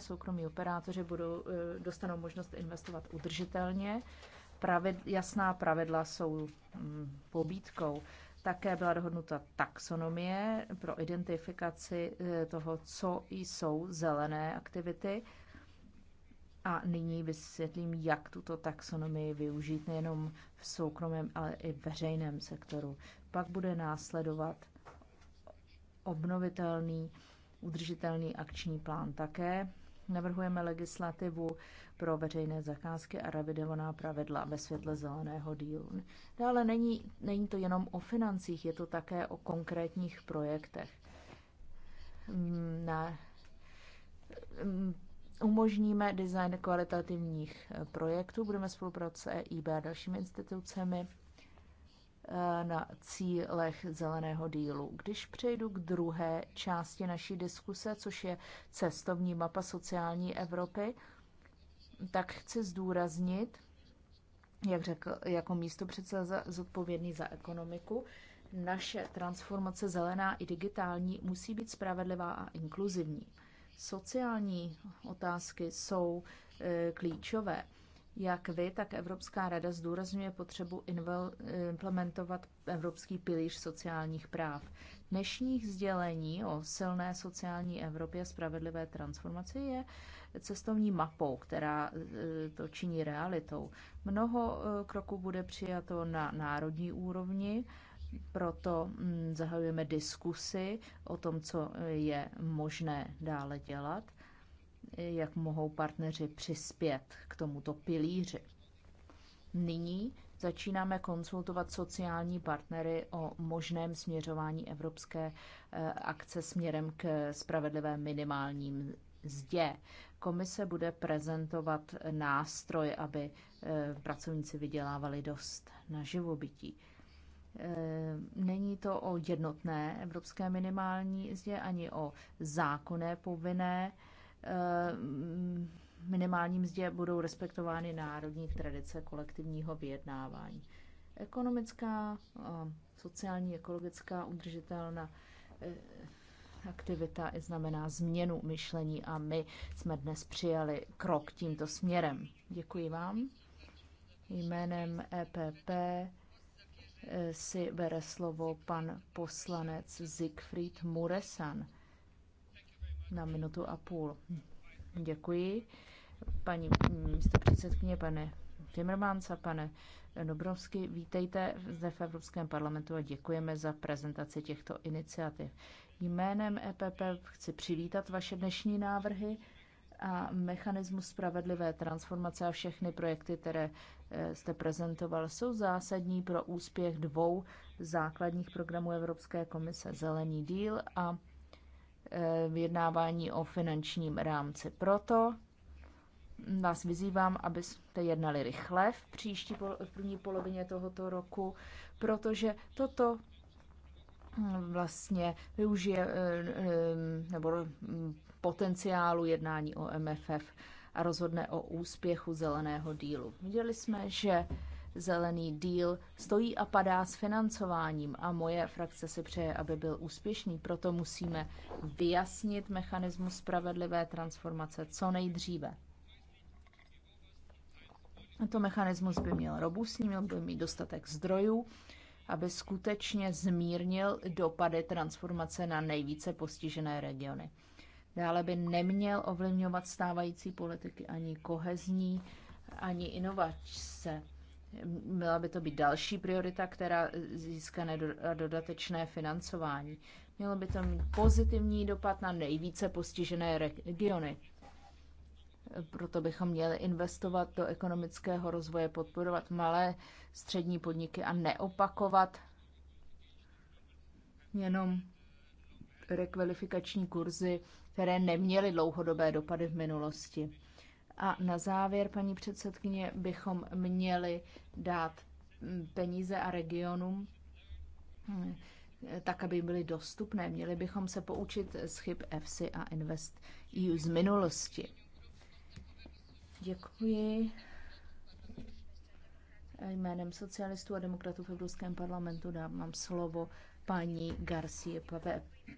soukromí operátoři budou, e, dostanou možnost investovat udržitelně. Pravid, jasná pravidla jsou mm, pobídkou. Také byla dohodnuta taxonomie pro identifikaci e, toho, co jsou zelené aktivity. A nyní vysvětlím, jak tuto taxonomii využít nejenom v soukromém, ale i v veřejném sektoru. Pak bude následovat obnovitelný udržitelný akční plán také Navrhujeme legislativu pro veřejné zakázky a revidovaná pravidla ve světle zeleného dílu. Dále není, není to jenom o financích, je to také o konkrétních projektech. Mm, na, mm, umožníme design kvalitativních eh, projektů, budeme spolupracovat s EIB a dalšími institucemi Eh, na cílech zeleného dílu. Když přejdu k druhé části naší diskuse, což je cestovní mapa sociální Evropy, tak chci zdůraznit, jak řekl jako místo předseda zodpovědný za ekonomiku, naše transformace zelená i digitální musí být spravedlivá a inkluzivní. Sociální otázky jsou e, klíčové jak vy, tak Evropská rada zdůrazňuje potřebu implementovat Evropský pilíř sociálních práv. Dnešních sdělení o silné sociální Evropě a spravedlivé transformaci je cestovní mapou, která e, to činí realitou. Mnoho e, kroků bude přijato na národní úrovni, proto mm, zahajujeme diskusy o tom, co je možné dále dělat jak mohou partneři přispět k tomuto pilíři. Nyní začínáme konsultovat sociální partnery o možném směřování evropské eh, akce směrem k spravedlivé minimální mzdě. Komise bude prezentovat nástroj, aby eh, pracovníci vydělávali dost na živobytí. Eh, není to o jednotné evropské minimální zdě ani o zákonné povinné Eh, minimální mzdě budou respektovány národní tradice kolektivního vyjednávání. Ekonomická, eh, sociální, ekologická, udržitelná eh, aktivita i znamená změnu myšlení a my jsme dnes přijali krok tímto směrem. Děkuji vám. Jménem EPP si bere slovo pan poslanec Siegfried Muresan na minutu a půl. Děkuji. Paní předsedkyně pane Timmermansa, pane Dobrovsky, vítejte zde v Evropském parlamentu a děkujeme za prezentaci těchto iniciativ. Jménem EPP chci přivítat vaše dnešní návrhy a mechanismus spravedlivé transformace a všechny projekty, které eh, jste prezentoval, jsou zásadní pro úspěch dvou základních programů Evropské komise Zelený díl a Eh, vyjednávání o finančním rámci. Proto vás vyzývám, abyste jednali rychle v příští v první polovině tohoto roku, protože toto hm, vlastně využije eh, hm, nebo hm, potenciálu jednání o MFF a rozhodne o úspěchu zeleného dílu. Viděli jsme, že zelený díl stojí a padá s financováním a moje frakce si přeje, aby byl úspěšný. Proto musíme vyjasnit mechanismus spravedlivé transformace co nejdříve. Tento mechanismus by měl robustní, měl by mít dostatek zdrojů, aby skutečně zmírnil dopady transformace na nejvíce postižené regiony. Dále by neměl ovlivňovat stávající politiky ani kohezní, ani inovace. Měla by to být další priorita, která získá dodatečné financování. Mělo by to mít pozitivní dopad na nejvíce postižené regiony. Proto bychom měli investovat do ekonomického rozvoje, podporovat malé střední podniky a neopakovat jenom rekvalifikační kurzy, které neměly dlouhodobé dopady v minulosti. A na závěr, paní předsedkyně, bychom měli dát peníze a regionům eh, tak, aby byly dostupné. Měli bychom se poučit z chyb EFSI a Invest EU z minulosti. Děkuji. Jménem socialistů a demokratů v Evropském parlamentu dávám slovo paní Garcia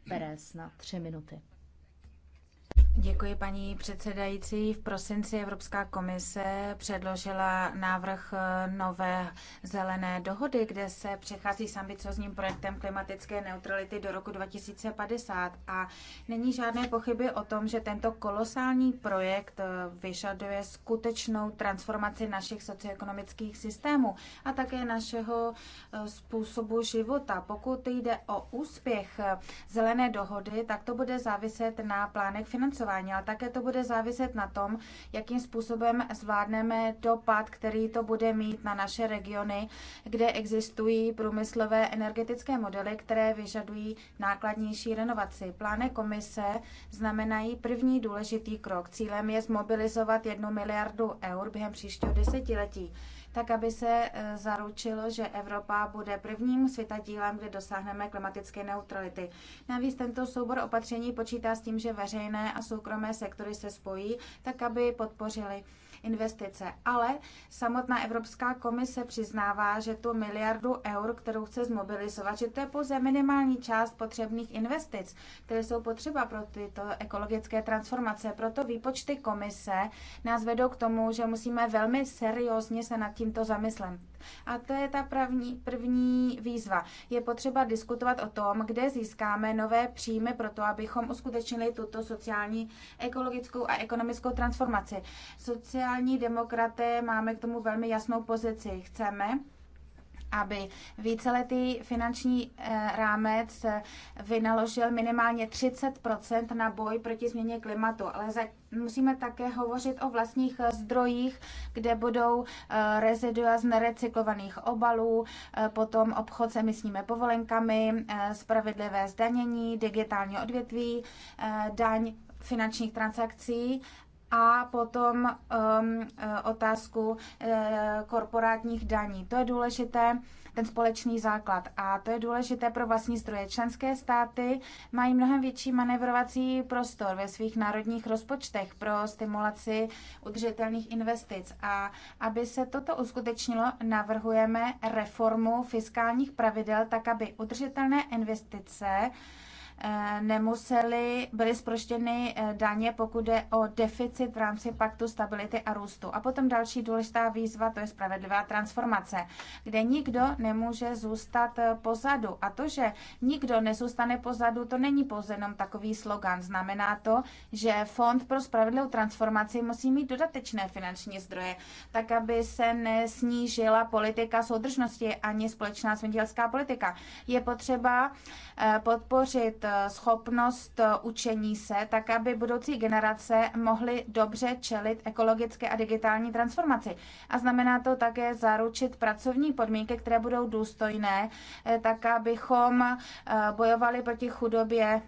Perez na tři minuty. Děkuji, paní předsedající. V prosinci Evropská komise předložila návrh eh, nové zelené dohody, kde se přechází s ambiciozním projektem klimatické neutrality do roku 2050. A není žádné pochyby o tom, že tento kolosální projekt eh, vyžaduje skutečnou transformaci našich socioekonomických systémů a také našeho eh, způsobu života. Pokud jde o úspěch zelené dohody, tak to bude záviset na plánech financování financování, ale také to bude záviset na tom, jakým způsobem zvládneme dopad, který to bude mít na naše regiony, kde existují průmyslové energetické modely, které vyžadují nákladnější renovaci. Plány komise znamenají první důležitý krok. Cílem je zmobilizovat jednu miliardu eur během příštího desetiletí tak aby se e, zaručilo, že Evropa bude prvním světadílem, kde dosáhneme klimatické neutrality. Navíc tento soubor opatření počítá s tím, že veřejné a soukromé sektory se spojí, tak aby podpořili investice. Ale samotná Evropská komise přiznává, že tu miliardu eur, kterou chce zmobilizovat, že to je pouze minimální část potřebných investic, které jsou potřeba pro tyto ekologické transformace. Proto výpočty komise nás vedou k tomu, že musíme velmi seriózně se nad tímto zamyslet. A to je ta pravní, první výzva. Je potřeba diskutovat o tom, kde získáme nové příjmy pro to, abychom uskutečnili tuto sociální, ekologickou a ekonomickou transformaci. Sociální demokraté máme k tomu velmi jasnou pozici. Chceme, aby víceletý finanční eh, rámec eh, vynaložil minimálně 30 na boj proti změně klimatu. Ale za, musíme také hovořit o vlastních eh, zdrojích, kde budou rezidua z nerecyklovaných obalů, potom obchod s emisními povolenkami, spravedlivé zdanění, digitální odvětví, daň finančních transakcí a potom um, eh, otázku eh, korporátních daní. To je důležité, ten společný základ. A to je důležité pro vlastní zdroje. Členské státy mají mnohem větší manevrovací prostor ve svých národních rozpočtech pro stimulaci udržitelných investic. A aby se toto uskutečnilo, navrhujeme reformu fiskálních pravidel tak, aby udržitelné investice Eh, nemuseli, byly zproštěny eh, daně, pokud je o deficit v rámci paktu stability a růstu. A potom další důležitá výzva, to je spravedlivá transformace, kde nikdo nemůže zůstat eh, pozadu. A to, že nikdo nezůstane pozadu, to není pouze jenom takový slogan. Znamená to, že Fond pro spravedlivou transformaci musí mít dodatečné finanční zdroje, tak aby se nesnížila politika soudržnosti ani společná zemědělská politika. Je potřeba podpořit Eh, schopnost eh, učení se, tak aby budoucí generace mohly dobře čelit ekologické a digitální transformaci. A znamená to také zaručit pracovní podmínky, které budou důstojné, eh, tak abychom bojovali proti chudobě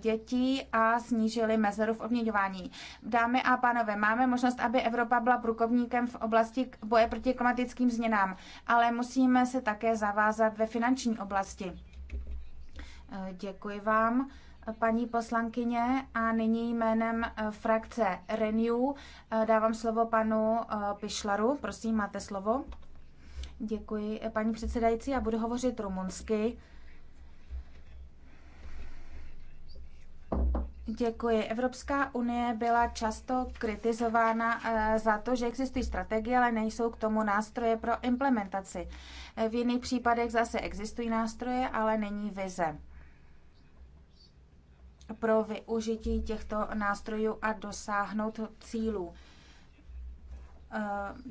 dětí a snížili mezeru v odměňování. Dámy a pánové, máme možnost, aby Evropa byla průkovníkem v oblasti boje proti klimatickým změnám, ale musíme se také zavázat ve finanční oblasti. Děkuji vám, paní poslankyně. A nyní jménem eh, frakce Renew eh, dávám slovo panu eh, Pišlaru. Prosím, máte slovo. Děkuji, paní předsedající. Já budu hovořit rumunsky. Děkuji. Evropská unie byla často kritizována za to, že existují strategie, ale nejsou k tomu nástroje pro implementaci. V jiných případech zase existují nástroje, ale není vize pro využití těchto nástrojů a dosáhnout cílů. E,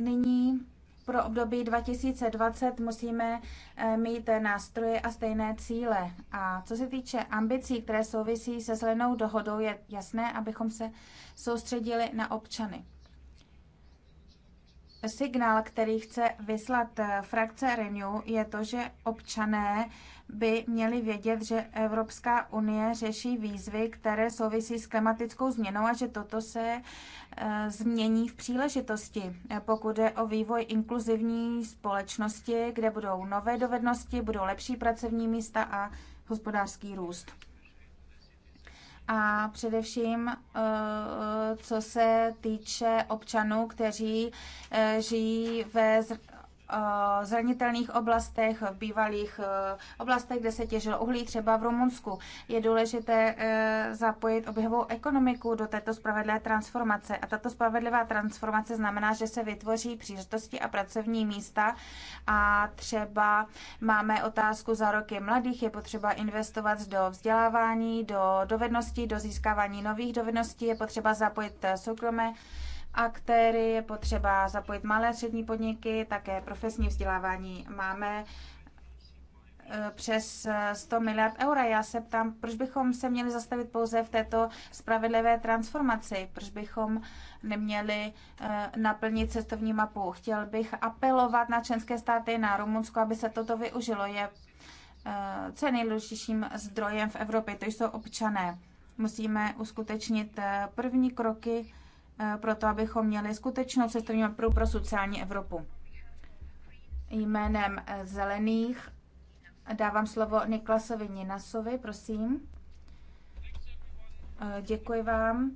nyní pro období 2020 musíme e, mít nástroje a stejné cíle. A co se týče ambicí, které souvisí se zelenou dohodou, je jasné, abychom se soustředili na občany signál, který chce vyslat eh, frakce Renew, je to, že občané by měli vědět, že Evropská unie řeší výzvy, které souvisí s klimatickou změnou a že toto se eh, změní v příležitosti. Eh, pokud je o vývoj inkluzivní společnosti, kde budou nové dovednosti, budou lepší pracovní místa a hospodářský růst a především eh, eh, co se týče občanů, kteří eh, žijí ve Eh, zranitelných oblastech, v bývalých eh, oblastech, kde se těžilo uhlí, třeba v Rumunsku. Je důležité eh, zapojit oběhovou ekonomiku do této spravedlivé transformace. A tato spravedlivá transformace znamená, že se vytvoří příležitosti a pracovní místa. A třeba máme otázku za roky mladých, je potřeba investovat do vzdělávání, do dovedností, do získávání nových dovedností, je potřeba zapojit soukromé aktéry, je potřeba zapojit malé a střední podniky, také profesní vzdělávání máme e, přes 100 miliard eur. Já se ptám, proč bychom se měli zastavit pouze v této spravedlivé transformaci? Proč bychom neměli e, naplnit cestovní mapu? Chtěl bych apelovat na členské státy, na Rumunsko, aby se toto využilo. Je, e, co je nejdůležitějším zdrojem v Evropě? To jsou občané. Musíme uskutečnit první kroky Eh, pro to, abychom měli skutečnou cestovní mapu pro sociální Evropu. Jménem eh, zelených dávám slovo Niklasovi Ninasovi, prosím. Eh, děkuji vám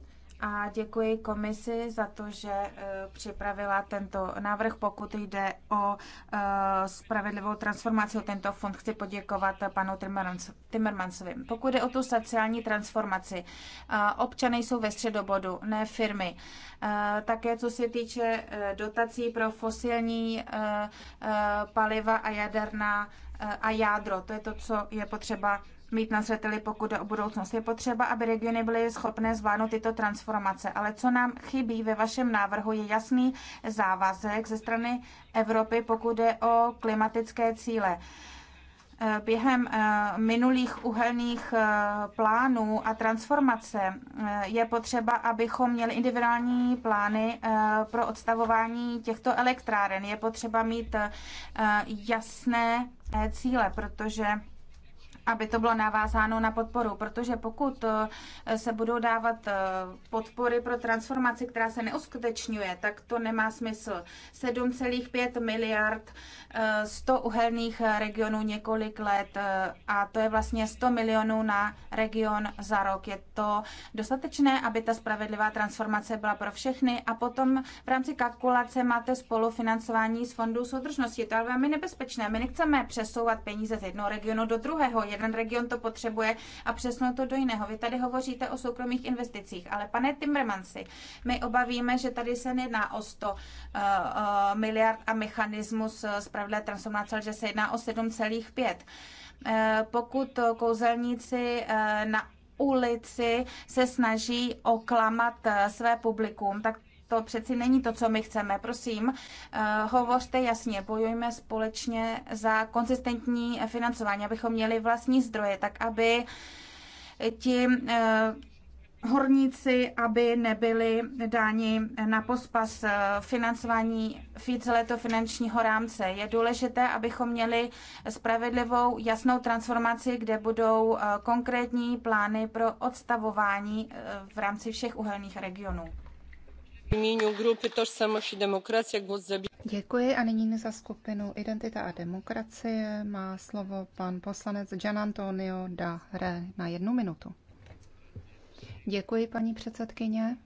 a děkuji komisi za to, že e, připravila tento návrh. Pokud jde o e, spravedlivou transformaci, o tento fond chci poděkovat panu Timmermansovi. Pokud jde o tu sociální transformaci, e, občany jsou ve středobodu, ne firmy. Také co se týče dotací pro fosilní paliva a jaderná a jádro, to je to, co je potřeba mít na zřeteli, pokud jde o budoucnost. Je potřeba, aby regiony byly schopné zvládnout tyto transformace. Ale co nám chybí ve vašem návrhu, je jasný závazek ze strany Evropy, pokud jde o klimatické cíle během eh, minulých uhelných eh, plánů a transformace eh, je potřeba, abychom měli individuální plány pro odstavování těchto elektráren. Je potřeba mít jasné cíle, protože aby to bylo navázáno na podporu, protože pokud eh, se budou dávat eh, podpory pro transformaci, která se neuskutečňuje, tak to nemá smysl. 7,5 miliard 100 eh, uhelných regionů několik let a to je vlastně 100 milionů na region za rok. Je to dostatečné, aby ta spravedlivá transformace byla pro všechny a potom v rámci kalkulace máte spolufinancování z fondů soudržnosti. To je velmi nebezpečné. My nechceme přesouvat peníze z jednoho regionu do druhého jeden region to potřebuje a přesunout to do jiného. Vy tady hovoříte o soukromých investicích, ale pane Timmermansi, my obavíme, že tady se nejedná o 100 uh, uh, miliard a mechanismus eh, spravedlivé transformace, že se jedná o 7,5. Uh, eh, pokud kouzelníci eh, na ulici se snaží oklamat své publikum, tak to přeci není to, co my chceme. Prosím, eh, hovořte jasně, bojujme společně za konzistentní eh, financování, abychom měli vlastní zdroje, tak aby ti eh, horníci, aby nebyli dáni na pospas financování víceletého finančního rámce. Je důležité, abychom měli spravedlivou, jasnou transformaci, kde budou konkrétní plány pro odstavování v rámci všech uhelných regionů. Děkuji a nyní za skupinu Identita a demokracie má slovo pan poslanec Gian Antonio da Re na jednu minutu. Děkuji, paní předsedkyně.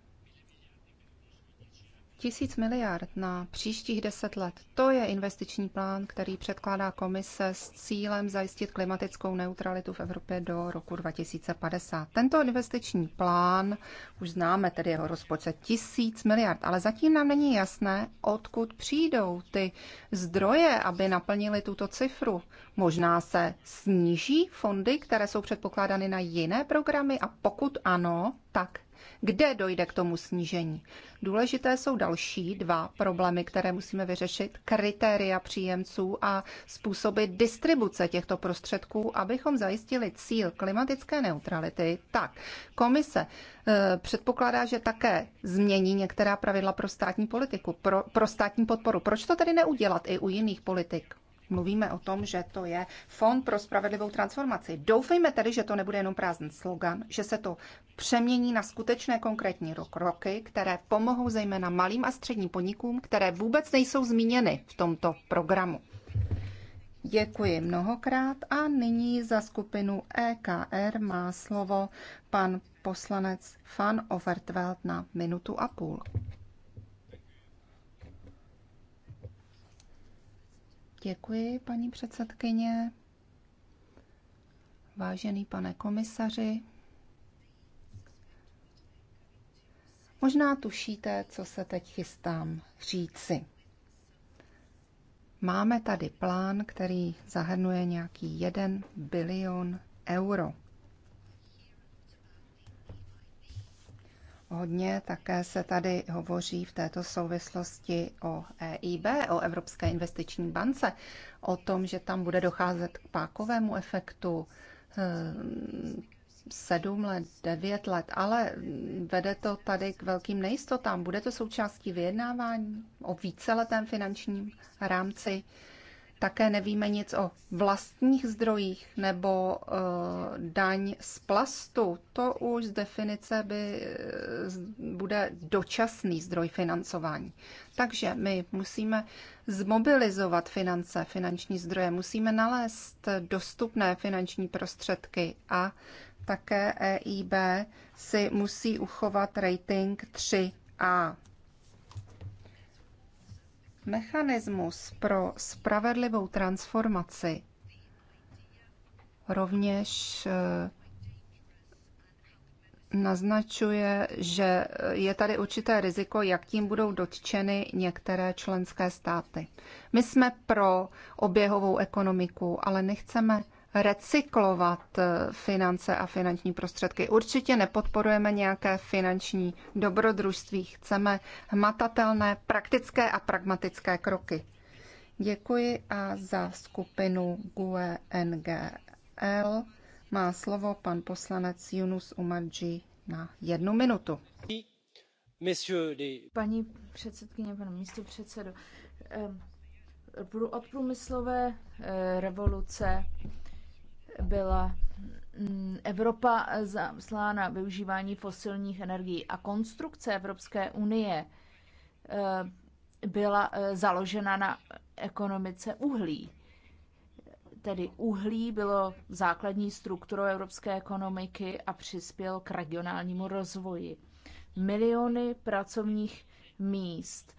Tisíc miliard na příštích deset let. To je investiční plán, který předkládá komise s cílem zajistit klimatickou neutralitu v Evropě do roku 2050. Tento investiční plán, už známe tedy jeho rozpočet tisíc miliard, ale zatím nám není jasné, odkud přijdou ty zdroje, aby naplnili tuto cifru. Možná se sníží fondy, které jsou předpokládány na jiné programy a pokud ano, tak kde dojde k tomu snížení. Důležité jsou další dva problémy, které musíme vyřešit. Kritéria příjemců a způsoby distribuce těchto prostředků, abychom zajistili cíl klimatické neutrality. Tak, komise eh, předpokládá, že také změní některá pravidla pro státní politiku, pro, pro státní podporu. Proč to tedy neudělat i u jiných politik? mluvíme o tom, že to je Fond pro spravedlivou transformaci. Doufejme tedy, že to nebude jenom prázdný slogan, že se to přemění na skutečné konkrétní kroky, které pomohou zejména malým a středním podnikům, které vůbec nejsou zmíněny v tomto programu. Děkuji mnohokrát a nyní za skupinu EKR má slovo pan poslanec Fan Overtveld na minutu a půl. Děkuji, paní předsedkyně. Vážený pane komisaři, možná tušíte, co se teď chystám říci. Máme tady plán, který zahrnuje nějaký 1 bilion euro. hodně. Také se tady hovoří v této souvislosti o EIB, o Evropské investiční bance, o tom, že tam bude docházet k pákovému efektu ehm, sedm let, devět let, ale vede to tady k velkým nejistotám. Bude to součástí vyjednávání o víceletém finančním rámci. Také nevíme nic o vlastních zdrojích nebo uh, daň z plastu. To už z definice by eh, bude dočasný zdroj financování. Takže my musíme zmobilizovat finance, finanční zdroje, musíme nalézt dostupné finanční prostředky a také EIB si musí uchovat rating 3A mechanismus pro spravedlivou transformaci rovněž eh, naznačuje, že je tady určité riziko, jakým budou dotčeny některé členské státy. My jsme pro oběhovou ekonomiku, ale nechceme recyklovat eh, finance a finanční prostředky. Určitě nepodporujeme nějaké finanční dobrodružství, chceme hmatatelné, praktické a pragmatické kroky. Děkuji a za skupinu GUE NGL má slovo pan poslanec Yunus Umadži na jednu minutu. Paní předsedkyně, pane místo předsedo, eh, od průmyslové eh, revoluce byla mm, Evropa zaslána využívání fosilních energií a konstrukce Evropské unie eh, byla eh, založena na ekonomice uhlí. Tedy uhlí bylo základní strukturou evropské ekonomiky a přispěl k regionálnímu rozvoji. Miliony pracovních míst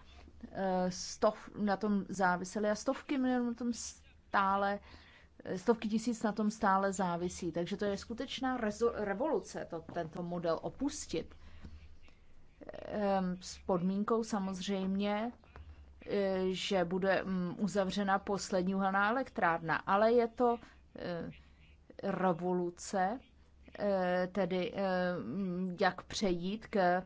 eh, stov, na tom závisely a stovky milionů na tom stále stovky tisíc na tom stále závisí. Takže to je skutečná revoluce, to, tento model opustit. Ehm, s podmínkou samozřejmě, eh, že bude mm, uzavřena poslední uhelná elektrárna, ale je to eh, revoluce, eh, tedy jak přejít k,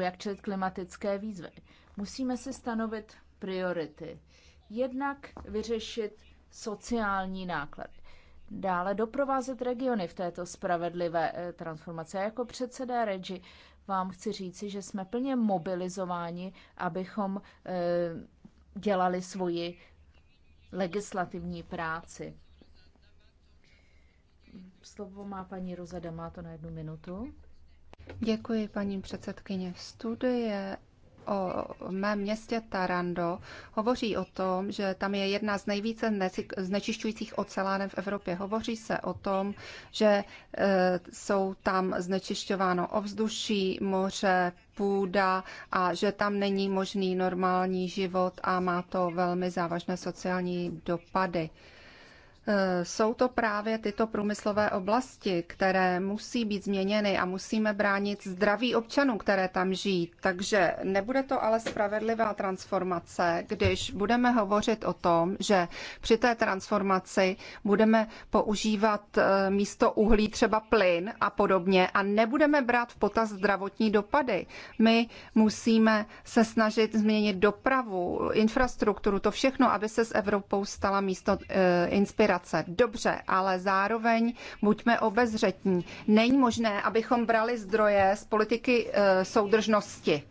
jak čelit klimatické výzvy. Musíme si stanovit priority. Jednak vyřešit sociální náklady. Dále doprovázet regiony v této spravedlivé eh, transformaci. jako předseda Regi vám chci říci, že jsme plně mobilizováni, abychom eh, dělali svoji legislativní práci. Slovo má paní Rozada. Má to na jednu minutu. Děkuji, paní předsedkyně. Studie o mém městě Tarando hovoří o tom, že tam je jedna z nejvíce znečišťujících oceláren v Evropě. Hovoří se o tom, že e, jsou tam znečišťováno ovzduší, moře, půda a že tam není možný normální život a má to velmi závažné sociální dopady. Eh, jsou to právě tyto průmyslové oblasti, které musí být změněny a musíme bránit zdraví občanů, které tam žijí. Takže nebude to ale spravedlivá transformace, když budeme hovořit o tom, že při té transformaci budeme používat eh, místo uhlí třeba plyn a podobně a nebudeme brát v potaz zdravotní dopady. My musíme se snažit změnit dopravu, infrastrukturu, to všechno, aby se s Evropou stala místo eh, inspirace migrace. Dobře, ale zároveň buďme obezřetní. Není možné, abychom brali zdroje z politiky e, soudržnosti.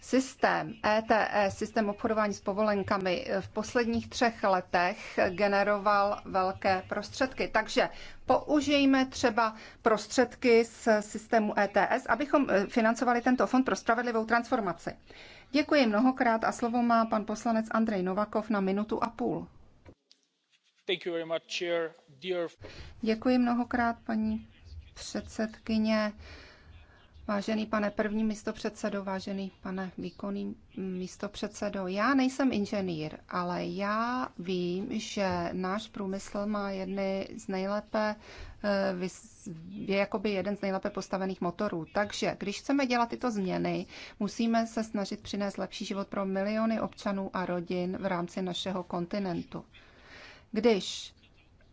Systém ETS, e, systém obchodování s povolenkami, eh, v posledních třech letech generoval velké prostředky. Takže použijme třeba prostředky z systému ETS, abychom eh, financovali tento fond pro spravedlivou transformaci. Děkuji mnohokrát a slovo má pan poslanec Andrej Novakov na minutu a půl. Děkuji mnohokrát, paní předsedkyně. Vážený pane první místopředsedo, vážený pane výkonný místopředsedo, já nejsem inženýr, ale já vím, že náš průmysl má jedny z nejlépe eh, je jakoby jeden z nejlépe postavených motorů. Takže když chceme dělat tyto změny, musíme se snažit přinést lepší život pro miliony občanů a rodin v rámci našeho kontinentu. Když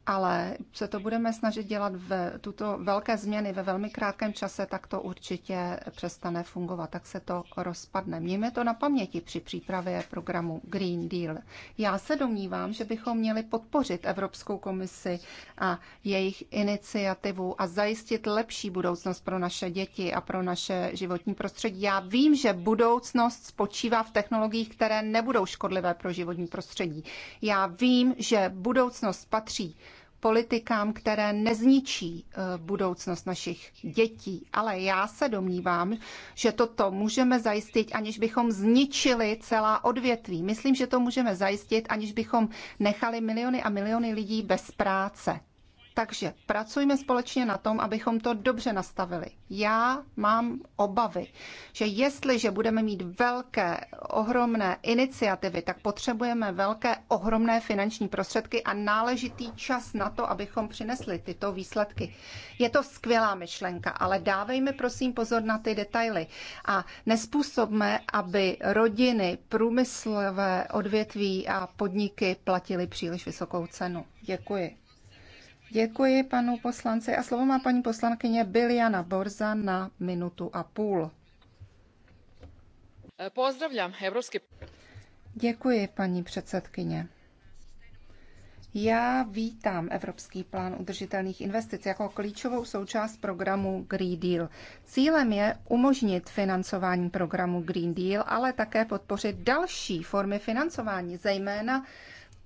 ale se to budeme snažit dělat v tuto velké změny ve velmi krátkém čase, tak to určitě přestane fungovat, tak se to rozpadne. Mějme to na paměti při přípravě programu Green Deal. Já se domnívám, že bychom měli podpořit Evropskou komisi a jejich iniciativu a zajistit lepší budoucnost pro naše děti a pro naše životní prostředí. Já vím, že budoucnost spočívá v technologiích, které nebudou škodlivé pro životní prostředí. Já vím, že budoucnost patří politikám, které nezničí eh, budoucnost našich dětí. Ale já se domnívám, že toto můžeme zajistit, aniž bychom zničili celá odvětví. Myslím, že to můžeme zajistit, aniž bychom nechali miliony a miliony lidí bez práce. Takže pracujme společně na tom, abychom to dobře nastavili. Já mám obavy, že jestliže budeme mít velké, ohromné iniciativy, tak potřebujeme velké, ohromné finanční prostředky a náležitý čas na to, abychom přinesli tyto výsledky. Je to skvělá myšlenka, ale dávejme prosím pozor na ty detaily a nespůsobme, aby rodiny, průmyslové odvětví a podniky platily příliš vysokou cenu. Děkuji. Děkuji panu poslanci a slovo má paní poslankyně Biljana Borza na minutu a půl. Pozdravím Evropský. Děkuji, paní předsedkyně. Já vítám Evropský plán udržitelných investic jako klíčovou součást programu Green Deal. Cílem je umožnit financování programu Green Deal, ale také podpořit další formy financování, zejména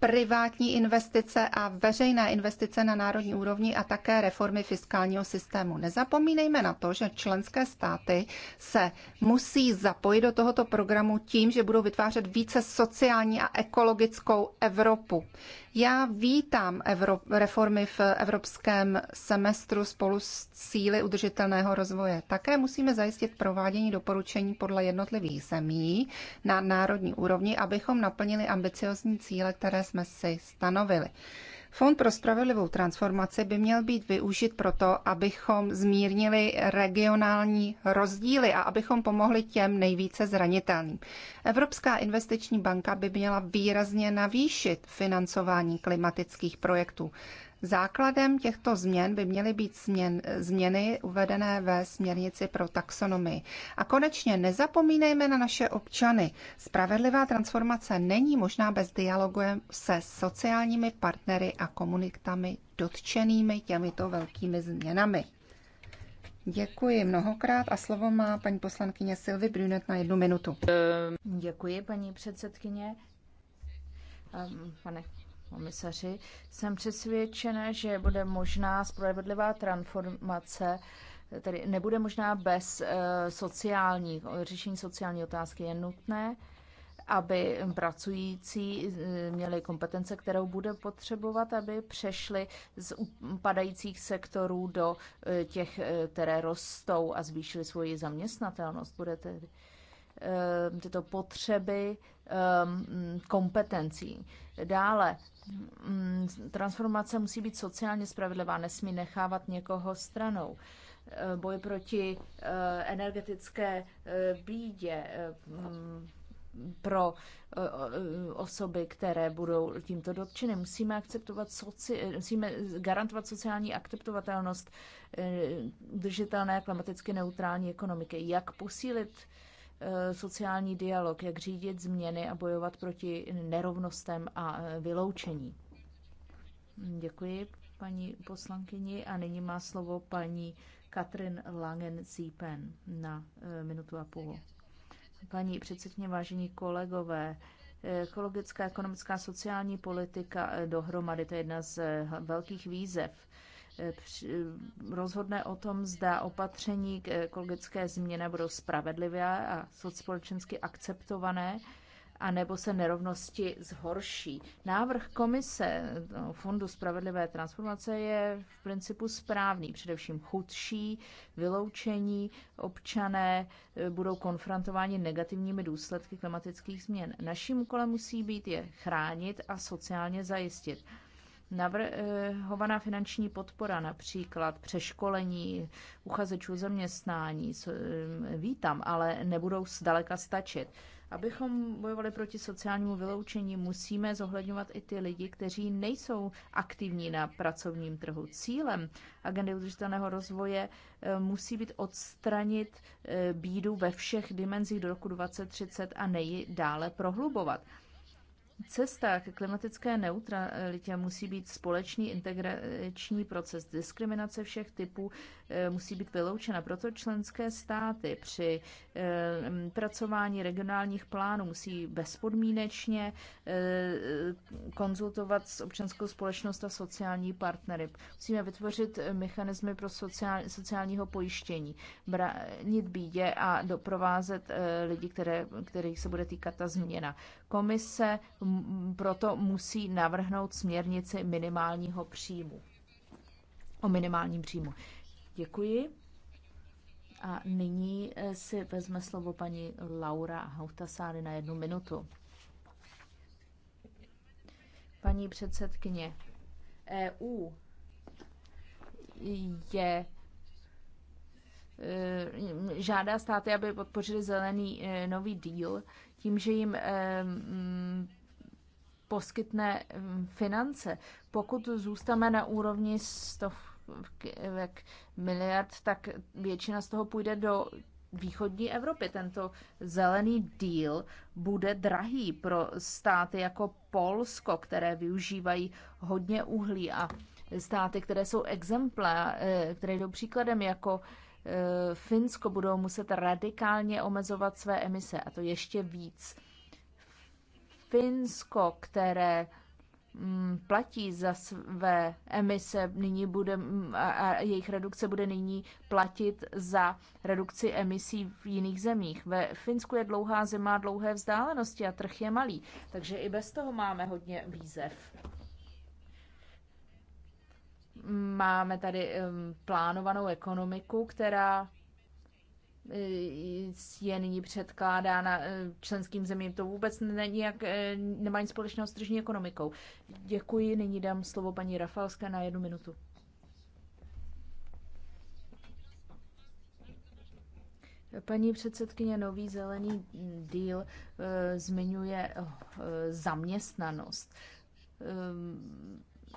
privátní investice a veřejné investice na národní úrovni a také reformy fiskálního systému. Nezapomínejme na to, že členské státy se musí zapojit do tohoto programu tím, že budou vytvářet více sociální a ekologickou Evropu. Já vítám Evro- reformy v evropském semestru spolu s cíly udržitelného rozvoje. Také musíme zajistit provádění doporučení podle jednotlivých zemí na národní úrovni, abychom naplnili ambiciozní cíle, které jsme si stanovili. Fond pro spravedlivou transformaci by měl být využit proto, abychom zmírnili regionální rozdíly a abychom pomohli těm nejvíce zranitelným. Evropská investiční banka by měla výrazně navýšit financování klimatických projektů. Základem těchto změn by měly být změn, změny uvedené ve směrnici pro taxonomii. A konečně nezapomínejme na naše občany. Spravedlivá transformace není možná bez dialogu se sociálními partnery a komunitami dotčenými těmito velkými změnami. Děkuji mnohokrát a slovo má paní poslankyně Silvi Brunet na jednu minutu. Děkuji, paní předsedkyně. Ehm, pane komisaři. Jsem přesvědčena, že bude možná spravedlivá transformace, tedy nebude možná bez eh, sociální, řešení sociální otázky je nutné, aby pracující eh, měli kompetence, kterou bude potřebovat, aby přešli z upadajících sektorů do eh, těch, které rostou a zvýšili svoji zaměstnatelnost. Bude tedy tyto potřeby kompetencí. Dále Mm, transformace musí být sociálně spravedlivá, nesmí nechávat někoho stranou. Eh, boj proti eh, energetické eh, bídě mm, pro osoby, které budou tímto dotčeny. Musíme, akceptovat soci, musíme garantovat sociální akceptovatelnost držitelné klimaticky neutrální ekonomiky. Jak posílit Eh, sociální dialog, jak řídit změny a bojovat proti nerovnostem a eh, vyloučení. Děkuji paní poslankyni a nyní má slovo paní Katrin Langen-Siepen na eh, minutu a půl. Paní předsedně, vážení kolegové, ekologická, ekonomická, sociální politika dohromady, to je jedna z velkých výzev Eh, eh, rozhodne o tom, zda opatření k ekologické změně budou spravedlivé a společensky akceptované, anebo se nerovnosti zhorší. Návrh komise eh, Fondu spravedlivé transformace je v principu správný. Především chudší, vyloučení občané budou konfrontováni negativními důsledky klimatických změn. Naším úkolem musí být je chránit a sociálně zajistit. Navrhovaná finanční podpora, například přeškolení uchazečů zaměstnání, vítám, ale nebudou zdaleka stačit. Abychom bojovali proti sociálnímu vyloučení, musíme zohledňovat i ty lidi, kteří nejsou aktivní na pracovním trhu. Cílem agendy udržitelného rozvoje eh, musí být odstranit eh, bídu ve všech dimenzích do roku 2030 a nejdále dále prohlubovat. Cesta k klimatické neutralitě musí být společný integrační proces. Diskriminace všech typů eh, musí být vyloučena. Proto členské státy při eh, pracování regionálních plánů musí bezpodmínečně eh, konzultovat s občanskou společností a sociální partnery. Musíme vytvořit mechanismy pro sociálního pojištění, bránit bídě a doprovázet lidi, které, kterých se bude týkat ta změna. Komise proto musí navrhnout směrnici minimálního příjmu. O minimálním příjmu. Děkuji. A nyní eh, si vezme slovo paní Laura Hautasáry na jednu minutu. Paní předsedkyně, EU je Eh, žádá státy, aby podpořili zelený eh, nový díl tím, že jim eh, mm, poskytne mm, finance. Pokud zůstáme na úrovni 100 miliard, tak většina z toho půjde do východní Evropy. Tento zelený díl bude drahý pro státy jako Polsko, které využívají hodně uhlí a státy, které jsou exemplá, které jdou příkladem jako Eh, Finsko budou muset radikálně omezovat své emise, a to ještě víc. Finsko, které mm, platí za své emise, nyní bude, mm, a jejich redukce bude nyní platit za redukci emisí v jiných zemích. Ve Finsku je dlouhá zima, dlouhé vzdálenosti a trh je malý, takže i bez toho máme hodně výzev. Máme tady plánovanou ekonomiku, která e, je nyní předkládána e, členským zemím. To vůbec není jak, e, nemá nic společného s tržní ekonomikou. Děkuji, nyní dám slovo paní Rafalské na jednu minutu. Paní předsedkyně, nový zelený díl zmiňuje zaměstnanost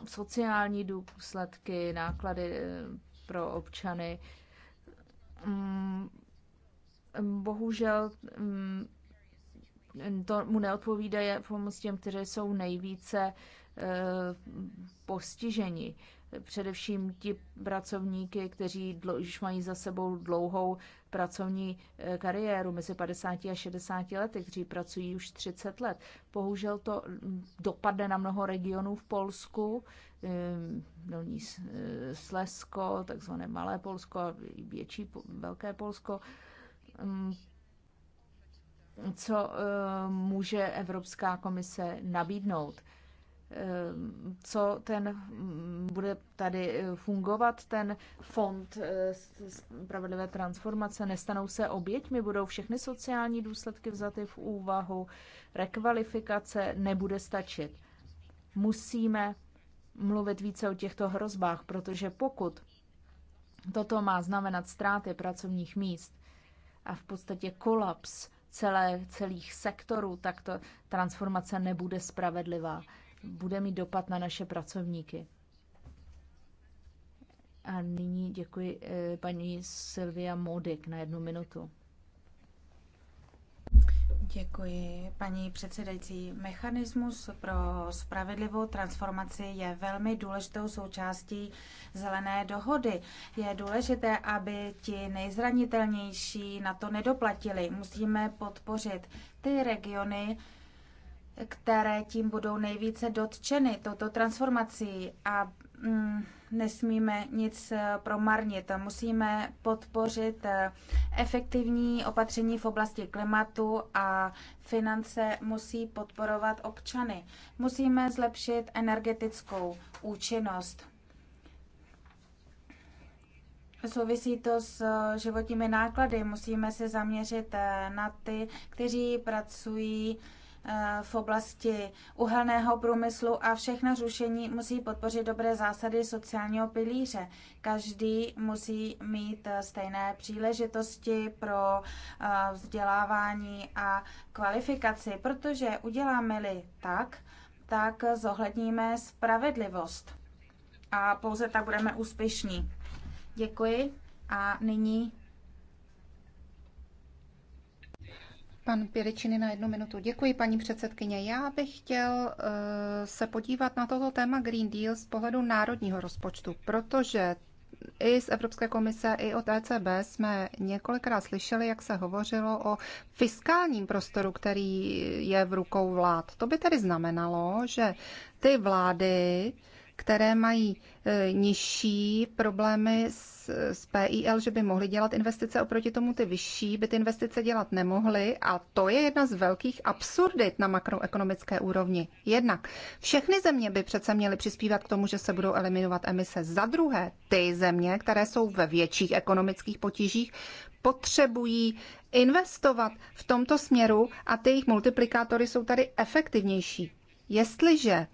sociální důsledky, náklady eh, pro občany. Mm, bohužel mm, to mu neodpovídá pomoc těm, kteří jsou nejvíce eh, postiženi především ti pracovníky, kteří už mají za sebou dlouhou pracovní eh, kariéru mezi 50 a 60 lety, kteří pracují už 30 let. Bohužel to mm, dopadne na mnoho regionů v Polsku, eh, Dolní eh, Slesko, takzvané Malé Polsko a větší Velké Polsko, mm, co může Evropská komise nabídnout co ten bude tady eh, fungovat, ten fond eh, spravedlivé transformace, nestanou se oběťmi, budou všechny sociální důsledky vzaty v úvahu, rekvalifikace nebude stačit. Musíme mluvit více o těchto hrozbách, protože pokud toto má znamenat ztráty pracovních míst a v podstatě kolaps celé, celých sektorů, tak to transformace nebude spravedlivá bude mít dopad na naše pracovníky. A nyní děkuji eh, paní Silvia Modik na jednu minutu. Děkuji, paní předsedající. Mechanismus pro spravedlivou transformaci je velmi důležitou součástí zelené dohody. Je důležité, aby ti nejzranitelnější na to nedoplatili. Musíme podpořit ty regiony, které tím budou nejvíce dotčeny touto transformací a mm, nesmíme nic eh, promarnit. Musíme podpořit eh, efektivní opatření v oblasti klimatu a finance musí podporovat občany. Musíme zlepšit energetickou účinnost. Souvisí to s eh, životními náklady. Musíme se zaměřit na ty, kteří pracují Eh, v oblasti uhelného průmyslu a všechna řešení musí podpořit dobré zásady sociálního pilíře. Každý musí mít eh, stejné příležitosti pro eh, vzdělávání a kvalifikaci, protože uděláme-li tak, tak zohledníme spravedlivost a pouze tak budeme úspěšní. Děkuji a nyní Pan Pěličiny na jednu minutu. Děkuji, paní předsedkyně. Já bych chtěl uh, se podívat na toto téma Green Deal z pohledu národního rozpočtu, protože i z Evropské komise, i od ECB jsme několikrát slyšeli, jak se hovořilo o fiskálním prostoru, který je v rukou vlád. To by tedy znamenalo, že ty vlády uh, které mají e, nižší problémy s, s PIL, že by mohly dělat investice, oproti tomu ty vyšší by ty investice dělat nemohly. A to je jedna z velkých absurdit na makroekonomické úrovni. Jednak všechny země by přece měly přispívat k tomu, že se budou eliminovat emise. Za druhé, ty země, které jsou ve větších ekonomických potížích, potřebují investovat v tomto směru a ty jejich multiplikátory jsou tady efektivnější. Jestliže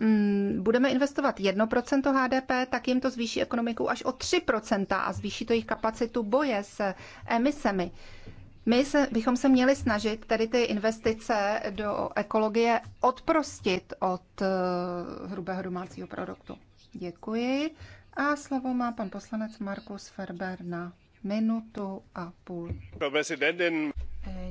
Mm, budeme investovat 1% HDP, tak jim to zvýší ekonomiku až o 3% a zvýší to jejich kapacitu boje s emisemi. My se, bychom se měli snažit tedy ty investice do ekologie odprostit od eh, hrubého domácího produktu. Děkuji. A slovo má pan poslanec Markus Ferber na minutu a půl.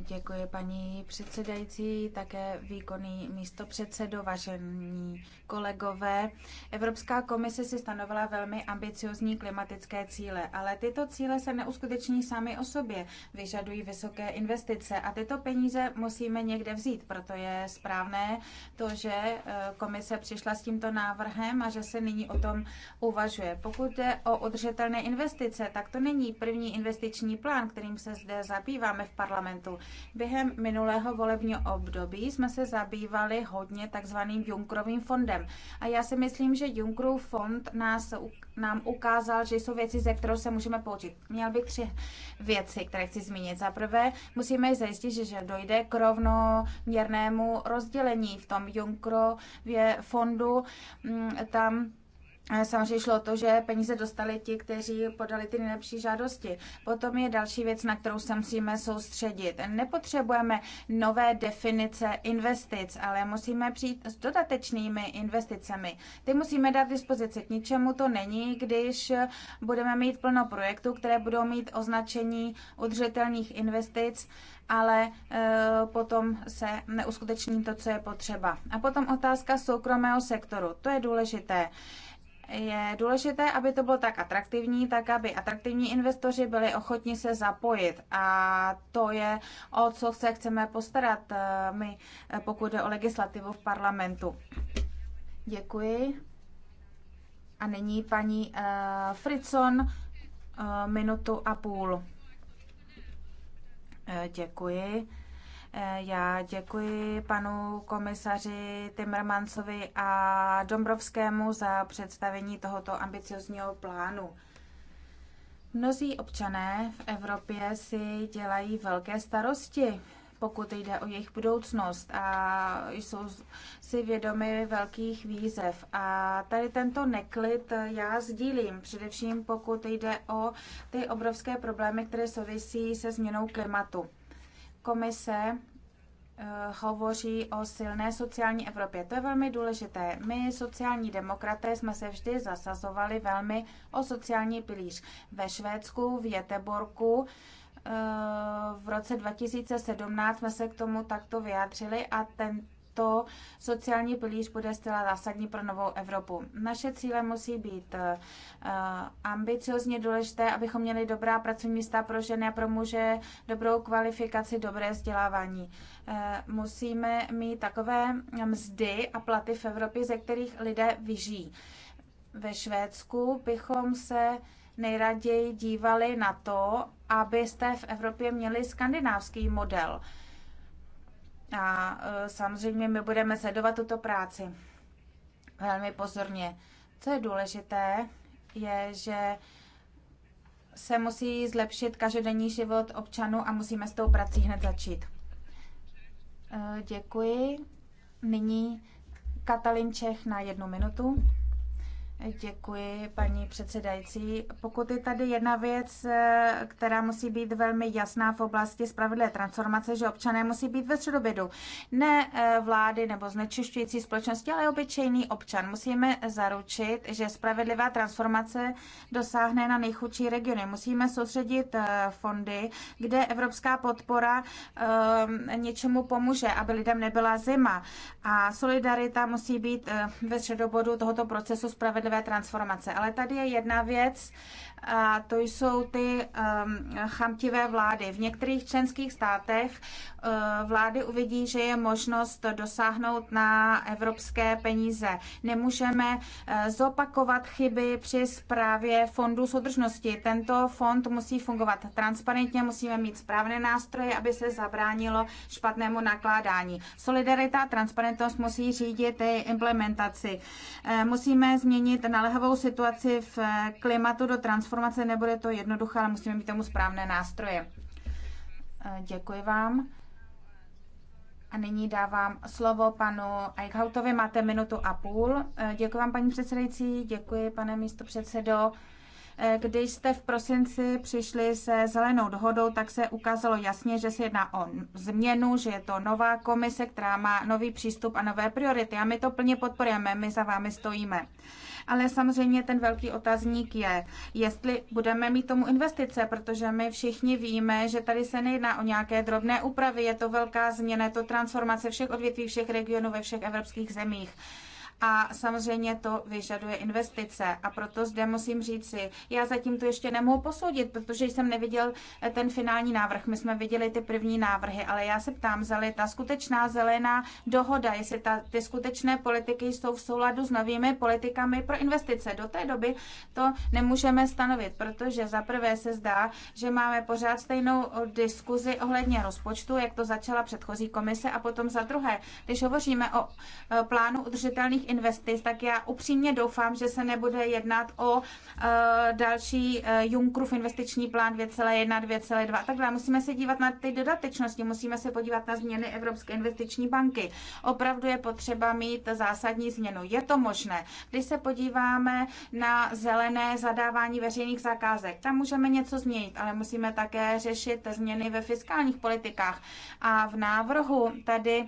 Děkuji paní předsedající, také výkonný místopředsedo, vážení kolegové. Evropská komise si stanovila velmi ambiciozní klimatické cíle, ale tyto cíle se neuskuteční sami o sobě, vyžadují vysoké investice a tyto peníze musíme někde vzít. Proto je správné to, že eh, komise přišla s tímto návrhem a že se nyní o tom uvažuje. Pokud jde o udržitelné investice, tak to není první investiční plán, kterým se zde zabýváme v parlamentu tématu. Během minulého volebního období jsme se zabývali hodně takzvaným Junkrovým fondem. A já si myslím, že Junkrův fond nás, nám ukázal, že jsou věci, ze kterou se můžeme poučit. Měl bych tři věci, které chci zmínit. Za prvé, musíme zajistit, že, že dojde k rovnoměrnému rozdělení v tom Junkrově fondu. Mm, tam Samozřejmě šlo o to, že peníze dostali ti, kteří podali ty nejlepší žádosti. Potom je další věc, na kterou se musíme soustředit. Nepotřebujeme nové definice investic, ale musíme přijít s dodatečnými investicemi. Ty musíme dát dispozici. K ničemu to není, když budeme mít plno projektů, které budou mít označení udržitelných investic, ale e, potom se neuskuteční to, co je potřeba. A potom otázka soukromého sektoru. To je důležité je důležité, aby to bylo tak atraktivní, tak aby atraktivní investoři byli ochotni se zapojit. A to je, o co se chceme postarat eh, my, eh, pokud jde o legislativu v parlamentu. Děkuji. A nyní paní uh, eh, Fritson, uh, minutu a půl. Uh, děkuji. Eh, já děkuji panu komisaři Timmermansovi a Dombrovskému za představení tohoto ambiciozního plánu. Mnozí občané v Evropě si dělají velké starosti, pokud jde o jejich budoucnost a jsou si vědomi velkých výzev. A tady tento neklid já sdílím, především pokud jde o ty obrovské problémy, které souvisí se změnou klimatu komise eh, hovoří o silné sociální Evropě. To je velmi důležité. My, sociální demokraté, jsme se vždy zasazovali velmi o sociální pilíř. Ve Švédsku, v Jeteborku, eh, v roce 2017 jsme se k tomu takto vyjádřili a ten to sociální pilíř bude zcela zásadní pro novou Evropu. Naše cíle musí být eh, eh, ambiciozně důležité, abychom měli dobrá pracovní místa pro ženy a pro muže, dobrou kvalifikaci, dobré vzdělávání. Eh, musíme mít takové mzdy a platy v Evropě, ze kterých lidé vyžijí. Ve Švédsku bychom se nejraději dívali na to, abyste v Evropě měli skandinávský model. A e, samozřejmě my budeme sledovat tuto práci velmi pozorně. Co je důležité, je, že se musí zlepšit každodenní život občanů a musíme s tou prací hned začít. E, děkuji. Nyní Katalin Čech na jednu minutu. Děkuji, paní předsedající. Pokud je tady jedna věc, eh, která musí být velmi jasná v oblasti spravedlivé transformace, že občané musí být ve středobědu. Ne eh, vlády nebo znečišťující společnosti, ale obyčejný občan. Musíme zaručit, že spravedlivá transformace dosáhne na nejchudší regiony. Musíme soustředit eh, fondy, kde evropská podpora něčemu pomůže, aby lidem nebyla zima. A solidarita musí být ve středobodu tohoto procesu spravedlivé spravedlivé transformace. Ale tady je jedna věc, a to jsou ty um, chamtivé vlády. V některých členských státech uh, vlády uvidí, že je možnost dosáhnout na evropské peníze. Nemůžeme uh, zopakovat chyby při zprávě fondu soudržnosti. Tento fond musí fungovat transparentně, musíme mít správné nástroje, aby se zabránilo špatnému nakládání. Solidarita a transparentnost musí řídit i implementaci. Uh, musíme změnit nalehavou situaci v eh, klimatu do transparentnosti transformace, nebude to jednoduché, ale musíme mít tomu správné nástroje. Eh, děkuji vám. A nyní dávám slovo panu Eichhautovi. Máte minutu a půl. Eh, děkuji vám, paní předsedající, děkuji, pane místo předsedo. Eh, když jste v prosinci přišli se zelenou dohodou, tak se ukázalo jasně, že se jedná o změnu, že je to nová komise, která má nový přístup a nové priority. A my to plně podporujeme, my za vámi stojíme ale samozřejmě ten velký otazník je, jestli budeme mít tomu investice, protože my všichni víme, že tady se nejedná o nějaké drobné úpravy, je to velká změna, je to transformace všech odvětví, všech regionů ve všech evropských zemích a samozřejmě to vyžaduje investice. A proto zde musím říct si, já zatím to ještě nemohu posoudit, protože jsem neviděl eh, ten finální návrh. My jsme viděli ty první návrhy, ale já se ptám, zali ta skutečná zelená dohoda, jestli ta, ty skutečné politiky jsou v souladu s novými politikami pro investice. Do té doby to nemůžeme stanovit, protože za prvé se zdá, že máme pořád stejnou eh, diskuzi ohledně rozpočtu, jak to začala předchozí komise, a potom za druhé, když hovoříme o eh, plánu udržitelných investic, tak já upřímně doufám, že se nebude jednat o eh, další eh, Junkrův investiční plán 2,1, 2,2 a tak dále. Musíme se dívat na ty dodatečnosti, musíme se podívat na změny Evropské investiční banky. Opravdu je potřeba mít zásadní změnu. Je to možné. Když se podíváme na zelené zadávání veřejných zakázek, tam můžeme něco změnit, ale musíme také řešit změny ve fiskálních politikách. A v návrhu tady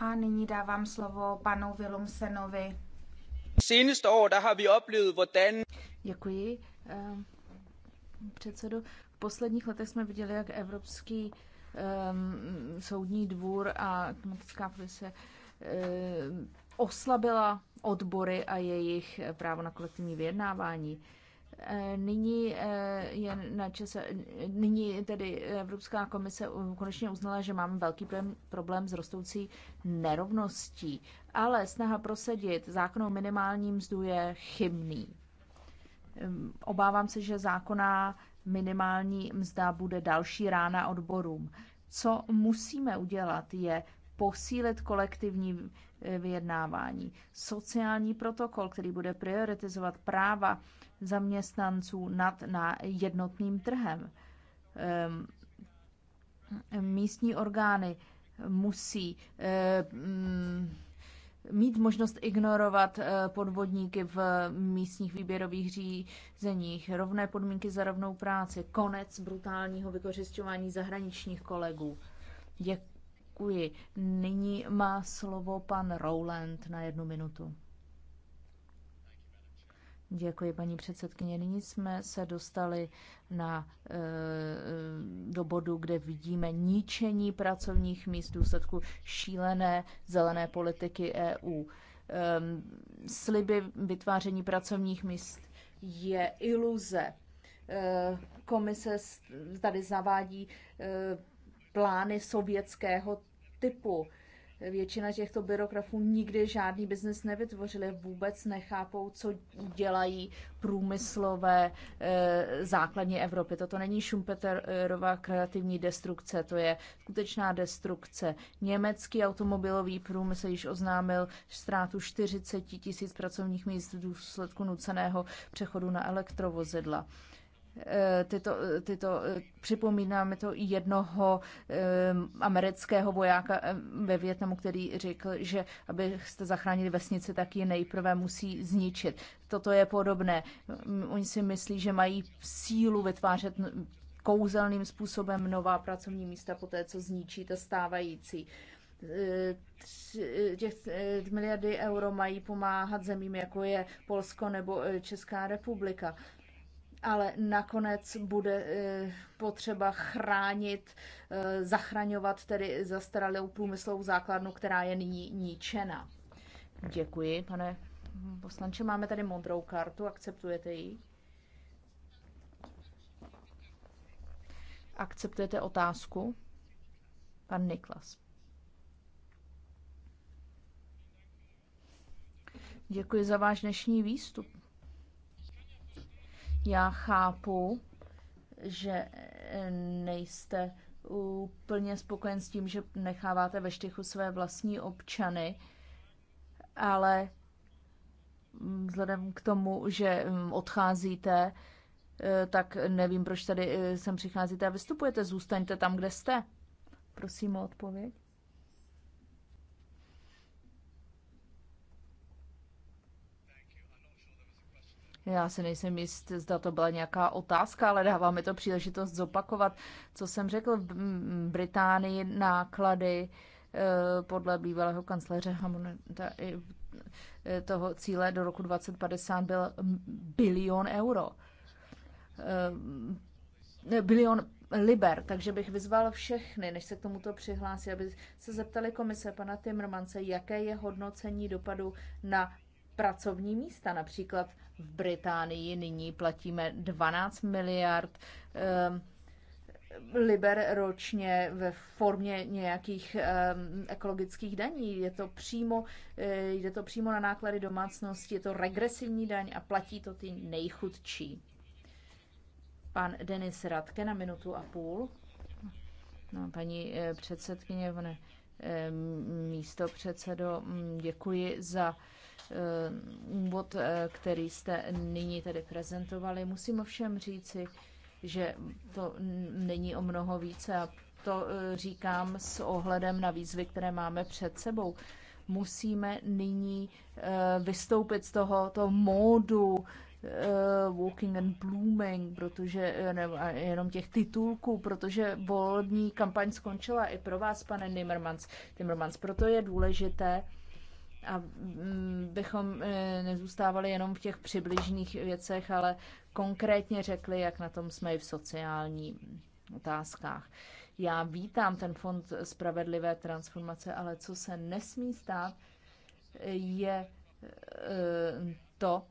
A nyní dávám slovo panu Vilumsenovi. Seneste år, der har vi oplevet, hvordan... Děkuji, eh, Předsedu, V posledních letech jsme viděli, jak Evropský um, soudní dvůr a klimatická se um, eh, oslabila odbory a jejich právo na kolektivní vyjednávání. E, nyní e, je na čase, nyní tedy Evropská komise konečně uznala, že máme velký problém s rostoucí nerovností, ale snaha prosadit zákon o minimální mzdu je chybný. Obávám se, že zákonná minimální mzda bude další rána odborům. Co musíme udělat, je posílit kolektivní e, vyjednávání. Sociální protokol, který bude prioritizovat práva zaměstnanců nad na jednotným trhem. Ehm, místní orgány musí ehm, mít možnost ignorovat eh, podvodníky v místních výběrových řízeních, rovné podmínky za rovnou práci, konec brutálního vykořišťování zahraničních kolegů. Děkuji. Nyní má slovo pan Rowland na jednu minutu. Děkuji, paní předsedkyně. Nyní jsme se dostali na, eh, do bodu, kde vidíme ničení pracovních míst v důsledku šílené zelené politiky EU. Eh, sliby vytváření pracovních míst je iluze. Eh, komise tady zavádí plány sovětského typu Většina těchto byrokrafů nikdy žádný biznis nevytvořili, vůbec nechápou, co dělají průmyslové eh, základní Evropy. Toto není Schumpeterova kreativní destrukce, to je skutečná destrukce. Německý automobilový průmysl již oznámil ztrátu 40 tisíc pracovních míst v důsledku nuceného přechodu na elektrovozidla. Eh, tyto, eh, tyto, eh, připomínáme to jednoho amerického vojáka ve Větnamu, který řekl, že abyste zachránili vesnici, tak ji nejprve musí zničit. Toto je podobné. Mm, oni si myslí, že mají sílu vytvářet kouzelným způsobem nová pracovní místa po té, co zničí, ta stávající těch miliardy euro mají pomáhat zemím, jako je Polsko nebo Česká republika ale nakonec bude eh, potřeba chránit, eh, zachraňovat tedy zastaralou průmyslovou základnu, která je nyní ničena. Děkuji, pane poslanče. Máme tady modrou kartu, akceptujete ji? Akceptujete otázku? Pan Niklas. Děkuji za váš dnešní výstup. Já chápu, že eh, nejste úplně spokojen s tím, že necháváte ve štychu své vlastní občany, ale mm, vzhledem k tomu, že mm, odcházíte, eh, tak nevím, proč tady eh, sem přicházíte a vystupujete. Zůstaňte tam, kde jste. Prosím o odpověď. Já si nejsem jist, zda to byla nějaká otázka, ale dává mi to příležitost zopakovat, co jsem řekl v Británii náklady eh, podle bývalého kancléře Hamoneta eh, toho cíle do roku 2050 byl bilion euro. Eh, bilion liber, takže bych vyzval všechny, než se k tomuto přihlásí, aby se zeptali komise pana Timmermance, jaké je hodnocení dopadu na pracovní místa, například v Británii nyní platíme 12 miliard ehm, liber ročně ve formě nějakých ehm, ekologických daní. Je to přímo, eh, jde to přímo na náklady domácnosti, je to regresivní daň a platí to ty nejchudší. Pan Denis Radke na minutu a půl. No, paní eh, předsedkyně, pane eh, místo předsedo, mm, děkuji za úvod, eh, eh, který jste nyní tedy prezentovali. Musím ovšem říci, že to není o mnoho více a to eh, říkám s ohledem na výzvy, které máme před sebou. Musíme nyní vystoupit z tohoto módu Walking and Blooming, protože ne, jenom těch titulků, protože volební kampaň skončila i pro vás, pane Timmermans. Timmermans, proto je důležité abychom mm, eh, nezůstávali jenom v těch přibližných věcech, ale konkrétně řekli, jak na tom jsme i v sociální otázkách. Já vítám ten fond spravedlivé transformace, ale co se nesmí stát, je eh, to,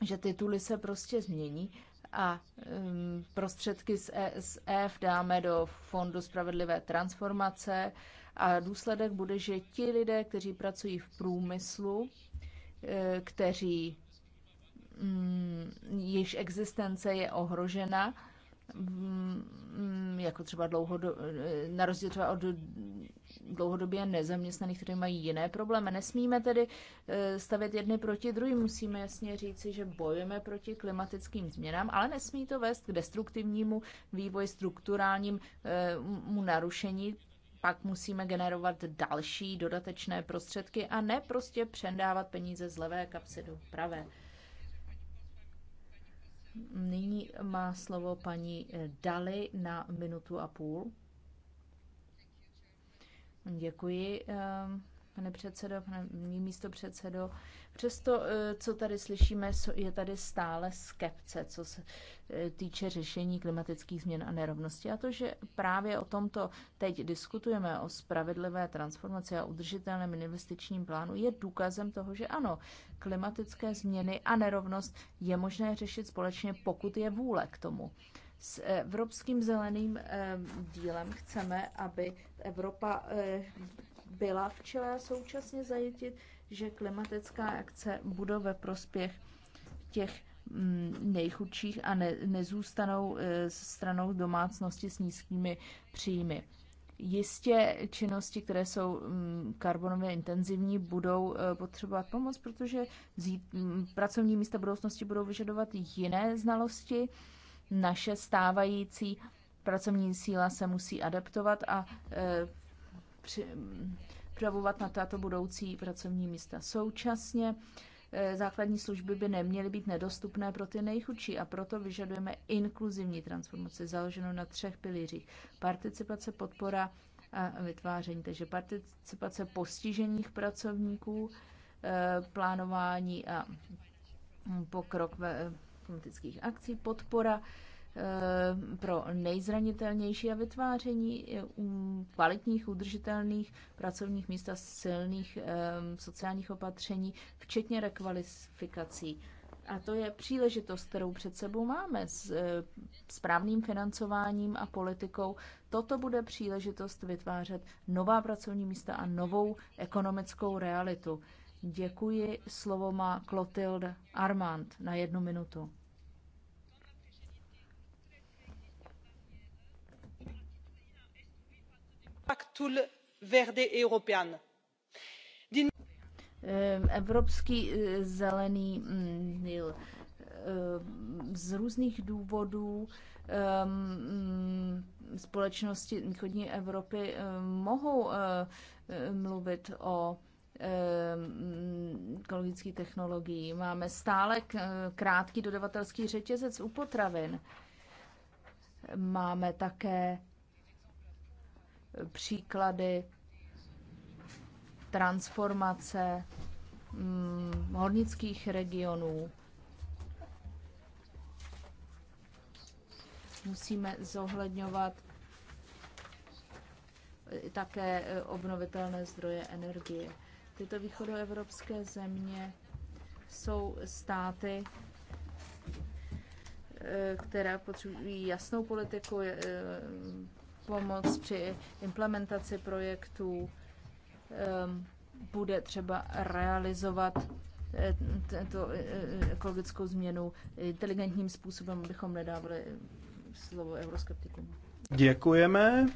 že tituly se prostě změní a mm, prostředky z ESF dáme do Fondu spravedlivé transformace a důsledek bude, že ti lidé, kteří pracují v průmyslu, eh, kteří mm, již existence je ohrožena, mm, jako třeba dlouhodo, eh, na rozdíl třeba od dlouhodobě nezaměstnaných, kteří mají jiné problémy. Nesmíme tedy eh, stavět jedny proti druhým, musíme jasně říci, že bojujeme proti klimatickým změnám, ale nesmí to vést k destruktivnímu vývoji strukturálnímu narušení pak musíme generovat další dodatečné prostředky a ne prostě přendávat peníze z levé kapsy do pravé. Nyní má slovo paní Dali na minutu a půl. Děkuji. Eh, pane předsedo, pane místo předsedo. Přesto, eh, co tady slyšíme, je tady stále skepce, co se eh, týče řešení klimatických změn a nerovnosti. A to, že právě o tomto teď diskutujeme, o spravedlivé transformaci a udržitelném investičním plánu, je důkazem toho, že ano, klimatické změny a nerovnost je možné řešit společně, pokud je vůle k tomu. S eh, Evropským zeleným dílem chceme, aby Evropa byla v čele a současně zajetit, že klimatická akce bude ve prospěch těch mm, nejchudších a ne, nezůstanou e, stranou domácnosti s nízkými příjmy. Jistě činnosti, které jsou mm, karbonově intenzivní, budou e, potřebovat pomoc, protože mm, pracovní místa budoucnosti budou vyžadovat jiné znalosti. Naše stávající pracovní síla se musí adaptovat a e, připravovat na tato budoucí pracovní místa. Současně eh, základní služby by neměly být nedostupné pro ty nejchudší a proto vyžadujeme inkluzivní transformaci založenou na třech pilířích. Participace, podpora a vytváření. Takže participace postižených pracovníků, eh, plánování a pokrok ve politických eh, akcí, podpora Eh, pro nejzranitelnější a vytváření eh, kvalitních, udržitelných pracovních míst a silných eh, sociálních opatření, včetně rekvalifikací. A to je příležitost, kterou před sebou máme s správným financováním a politikou. Toto bude příležitost vytvářet nová pracovní místa a novou ekonomickou realitu. Děkuji. Slovo má Clotilde Armand na jednu minutu. Ehm, evropský eh, zelený díl mm, ehm, z různých důvodů ehm, mm, společnosti východní Evropy mohou eh, eh, mluvit o mm, ekologických technologií. Máme stále krátký dodavatelský řetězec u potravin. Máme také příklady transformace hm, hornických regionů. Musíme zohledňovat také e, obnovitelné zdroje energie. Tyto východoevropské země jsou státy, e, které potřebují jasnou politiku, e, pomoc při implementaci projektů. Ehm, bude třeba realizovat eh, tu eh, ekologickou změnu inteligentním způsobem, abychom nedávali slovo euroskeptikům. Děkujeme.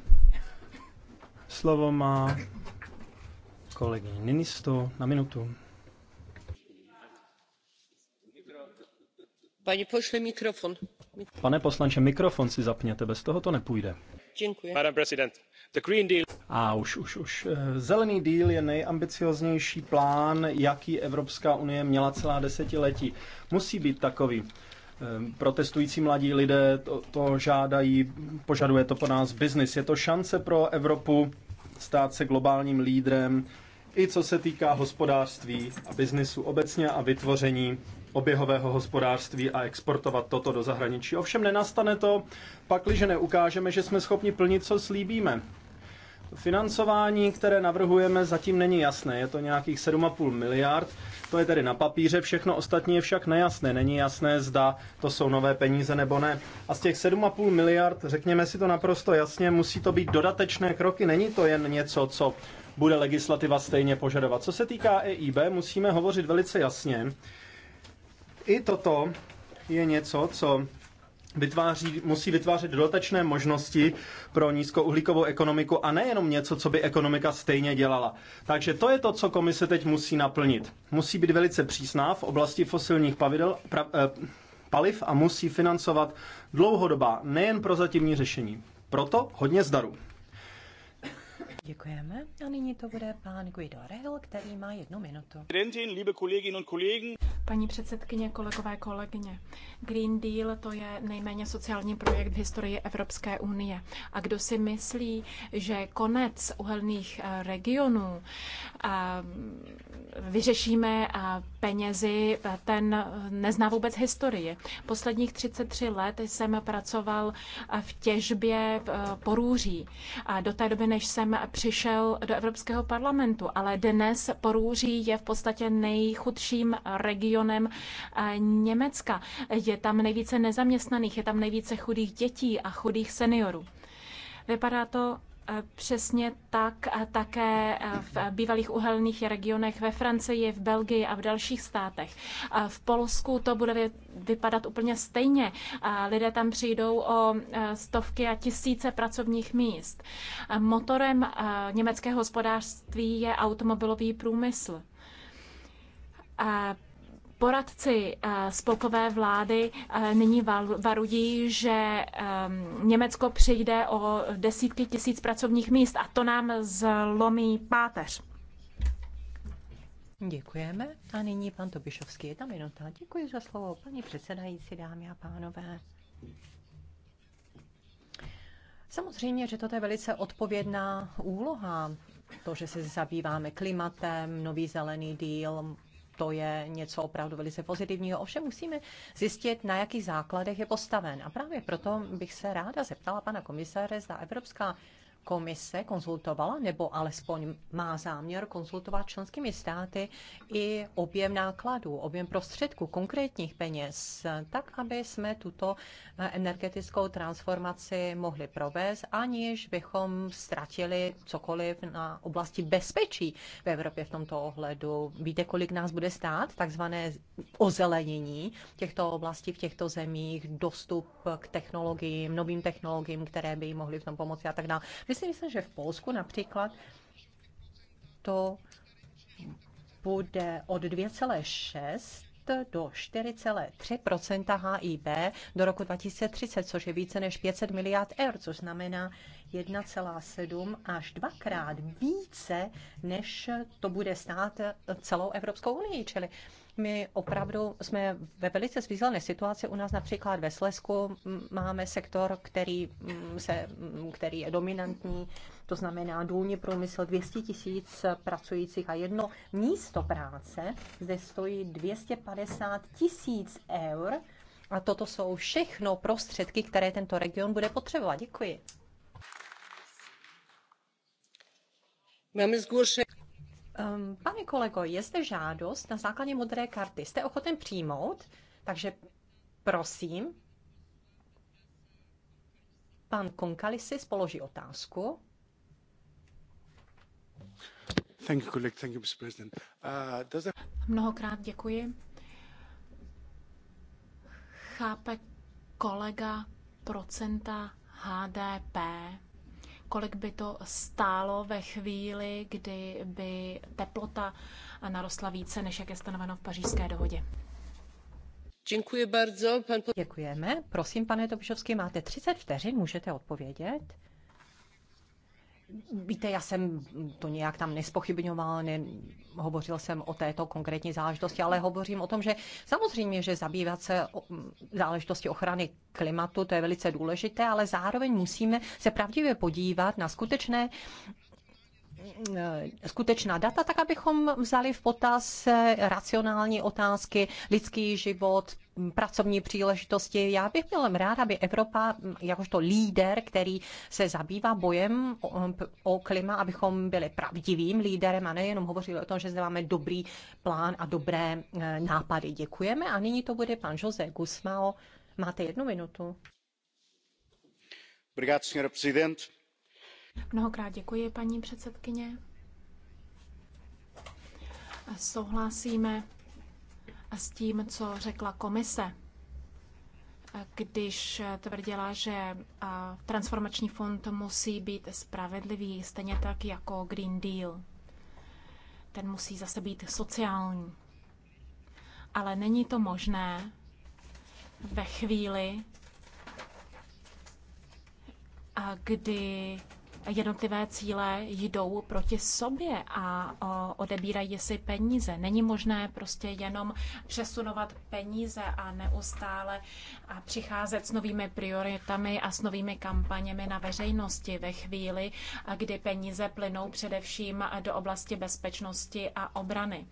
Slovo má kolegyně Ninisto na minutu. Pane pošle mikrofon. Pane poslanče, mikrofon si zapněte, bez toho to nepůjde paní předsedající a už, už, už. Eh, zelený díl je nejambicioznější plán, jaký Evropská unie měla celá desetiletí. Musí být takový. Eh, protestující mladí lidé to, to žádají, požaduje to po nás biznis. Je to šance pro Evropu stát se globálním lídrem, i co se týká hospodářství a biznisu obecně a vytvoření oběhového hospodářství a exportovat toto do zahraničí. Ovšem nenastane to, pakliže neukážeme, že jsme schopni plnit, co slíbíme. Financování, které navrhujeme, zatím není jasné. Je to nějakých 7,5 miliard, to je tedy na papíře, všechno ostatní je však nejasné. Není jasné, zda to jsou nové peníze nebo ne. A z těch 7,5 miliard, řekněme si to naprosto jasně, musí to být dodatečné kroky. Není to jen něco, co bude legislativa stejně požadovat. Co se týká EIB, musíme hovořit velice jasně. I toto je něco, co vytváří, musí vytvářet dodatečné možnosti pro nízkouhlíkovou ekonomiku a nejenom něco, co by ekonomika stejně dělala. Takže to je to, co komise teď musí naplnit. Musí být velice přísná v oblasti fosilních pavidel, pra, eh, paliv a musí financovat dlouhodobá, nejen prozatímní řešení. Proto hodně zdaru. Děkujeme. A nyní to bude pán Guido Rehl, který má jednu minutu. Paní předsedkyně, kolegové, kolegyně. Green Deal to je nejméně sociální projekt v historii Evropské unie. A kdo si myslí, že konec uhelných eh, regionů eh, vyřešíme a eh, penězi, ten nezná vůbec historii. Posledních 33 let jsem pracoval v těžbě porůří. Do té doby, než jsem přišel do Evropského parlamentu, ale dnes Porůří je v podstatě nejchudším regionem eh, Německa. Je tam nejvíce nezaměstnaných, je tam nejvíce chudých dětí a chudých seniorů. Vypadá to Přesně tak a také eh, v bývalých uhelných regionech ve Francii, v Belgii a v dalších státech. V Polsku to bude vypadat úplně stejně. Lidé tam přijdou o eh, stovky a tisíce pracovních míst. Motorem eh, německého hospodářství je automobilový průmysl. Poradci eh, spolkové vlády eh, nyní varují, že eh, Německo přijde o desítky tisíc pracovních míst a to nám zlomí páteř. Děkujeme. A nyní pan Tobišovský, tam minuta. Děkuji za slovo, paní předsedající, dámy a pánové. Samozřejmě, že toto je velice odpovědná úloha, to, že se zabýváme klimatem, nový zelený díl, to je něco opravdu velice pozitivního. Ovšem musíme zjistit, na jakých základech je postaven. A právě proto bych se ráda zeptala pana komisaře, zda Evropská komise konzultovala, nebo alespoň má záměr konzultovat členskými státy i objem nákladů, objem prostředků, konkrétních peněz, tak, aby jsme tuto eh, energetickou transformaci mohli provést, aniž bychom ztratili cokoliv na oblasti bezpečí v Evropě v tomto ohledu. Víte, kolik nás bude stát takzvané ozelenění těchto oblastí v těchto zemích, dostup k technologiím, novým technologiím, které by jim mohly v tom pomoci a tak dále. Myslím si, že v Polsku například to bude od 2,6 do 4,3 HIB do roku 2030, což je více než 500 miliard eur, což znamená 1,7 až dvakrát více, než to bude stát celou Evropskou unii. Čili my opravdu jsme ve velice svízelné situaci. U nás například ve Slesku máme sektor, který, mm, se, mm, který je dominantní, to znamená důlní průmysl 200 tisíc pracujících a jedno místo práce zde stojí 250 tisíc eur a toto jsou všechno prostředky, které tento region bude potřebovat. Děkuji. Máme zgůšení Um, pane kolego, je zde žádost na základě modré karty. Jste ochoten přijmout? Takže prosím, pan Konkalisis položí otázku. Thank you, colleague. Thank you, Mr. President. Uh, does that... Mnohokrát děkuji. Chápe kolega procenta HDP kolik by to stálo ve chvíli, kdy by teplota narostla více, než jak je stanoveno v pařížské dohodě. Děkuji bardzo. Pan... Děkujeme. Prosím, pane Dobšovský, máte 30 vteřin, můžete odpovědět. Víte, já jsem to nějak tam nespochybňoval, ne, hovořil jsem o této konkrétní záležitosti, ale hovořím o tom, že samozřejmě, že zabývat se o, záležitosti ochrany klimatu, to je velice důležité, ale zároveň musíme se pravdivě podívat na skutečné Eh, skutečná data, tak abychom vzali v potaz eh, racionální otázky, lidský život, mm, pracovní příležitosti. Já bych byl rád, aby Evropa, mm, jakožto líder, který se zabývá bojem o, mm, o klima, abychom byli pravdivým líderem a nejenom hovořili o tom, že zde máme dobrý plán a dobré eh, nápady. Děkujeme a nyní to bude pan Jose Gusmao. Máte jednu minutu. Obrigado, senhora Presidente Mnohokrát děkuji, paní předsedkyně. Souhlasíme s tím, co řekla komise, když tvrdila, že transformační fond musí být spravedlivý, stejně tak jako Green Deal. Ten musí zase být sociální. Ale není to možné ve chvíli, kdy jednotlivé cíle jdou proti sobě a odebírají si peníze. Není možné prostě jenom přesunovat peníze a neustále a přicházet s novými prioritami a s novými kampaněmi na veřejnosti ve chvíli, kdy peníze plynou především do oblasti bezpečnosti a obrany.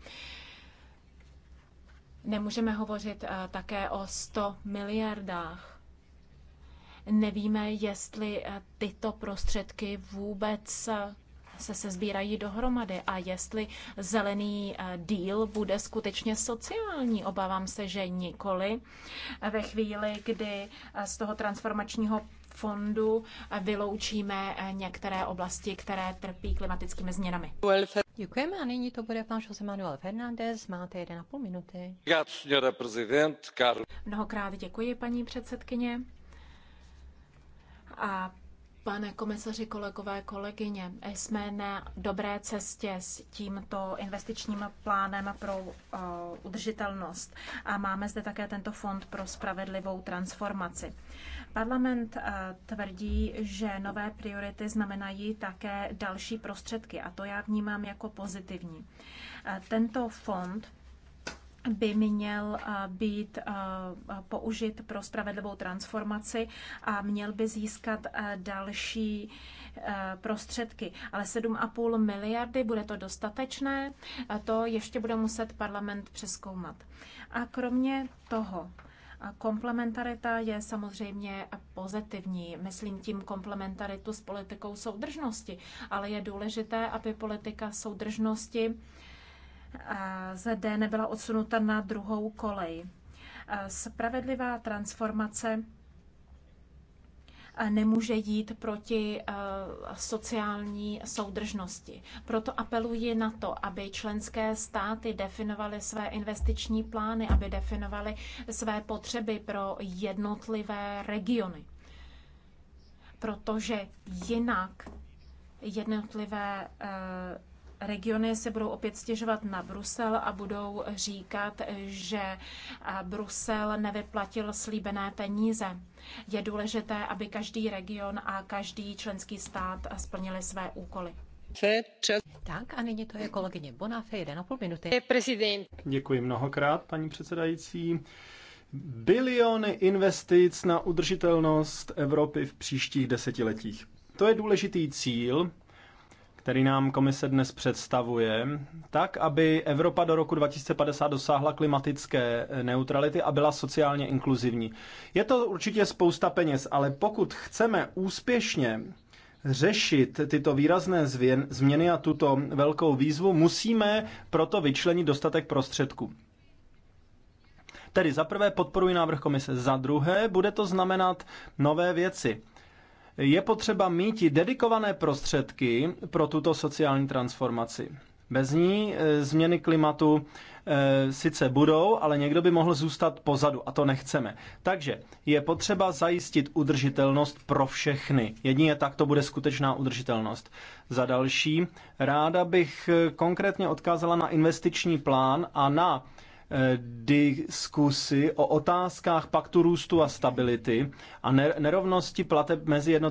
Nemůžeme hovořit také o 100 miliardách Nevíme, jestli eh, tyto prostředky vůbec eh, se sezbírají dohromady a jestli zelený eh, díl bude skutečně sociální. Obávám se, že nikoli. Ve chvíli, kdy z toho transformačního fondu vyloučíme některé oblasti, které trpí klimatickými změnami. Děkujeme a nyní to bude pan José Manuel Fernández. Máte 1,5 minuty. Mnohokrát děkuji, paní předsedkyně. A pane komisaři, kolegové, kolegyně, jsme na dobré cestě s tímto investičním plánem pro uh, udržitelnost a máme zde také tento fond pro spravedlivou transformaci. Parlament uh, tvrdí, že nové priority znamenají také další prostředky a to já vnímám jako pozitivní. Uh, tento fond by měl eh, být eh, použit pro spravedlivou transformaci a měl by získat eh, další prostředky. Ale 7,5 miliardy, bude to dostatečné, to ještě bude muset parlament přeskoumat. A kromě toho, Komplementarita je samozřejmě pozitivní. Myslím tím komplementaritu s politikou soudržnosti, ale je důležité, aby politika soudržnosti ZD nebyla odsunuta na druhou kolej. Spravedlivá transformace nemůže jít proti sociální soudržnosti. Proto apeluji na to, aby členské státy definovaly své investiční plány, aby definovaly své potřeby pro jednotlivé regiony. Protože jinak jednotlivé regiony se budou opět stěžovat na Brusel a budou říkat, že Brusel nevyplatil slíbené peníze. Je důležité, aby každý region a každý členský stát splnili své úkoly. Tak a nyní to je kolegyně Bonafé, 1,5 minuty. Děkuji mnohokrát, paní předsedající. Biliony investic na udržitelnost Evropy v příštích desetiletích. To je důležitý cíl, který nám komise dnes představuje, tak, aby Evropa do roku 2050 dosáhla klimatické neutrality a byla sociálně inkluzivní. Je to určitě spousta peněz, ale pokud chceme úspěšně řešit tyto výrazné změny a tuto velkou výzvu, musíme proto vyčlenit dostatek prostředků. Tedy za prvé podporuji návrh komise, za druhé bude to znamenat nové věci. Je potřeba mít dedikované prostředky pro tuto sociální transformaci. Bez ní e, změny klimatu e, sice budou, ale někdo by mohl zůstat pozadu a to nechceme. Takže je potřeba zajistit udržitelnost pro všechny. Jedině tak to bude skutečná udržitelnost. Za další, ráda bych e, konkrétně odkázala na investiční plán a na Eh, diskusi o otázkách paktu růstu a stability a nerovnosti plateb mezi jednotlivými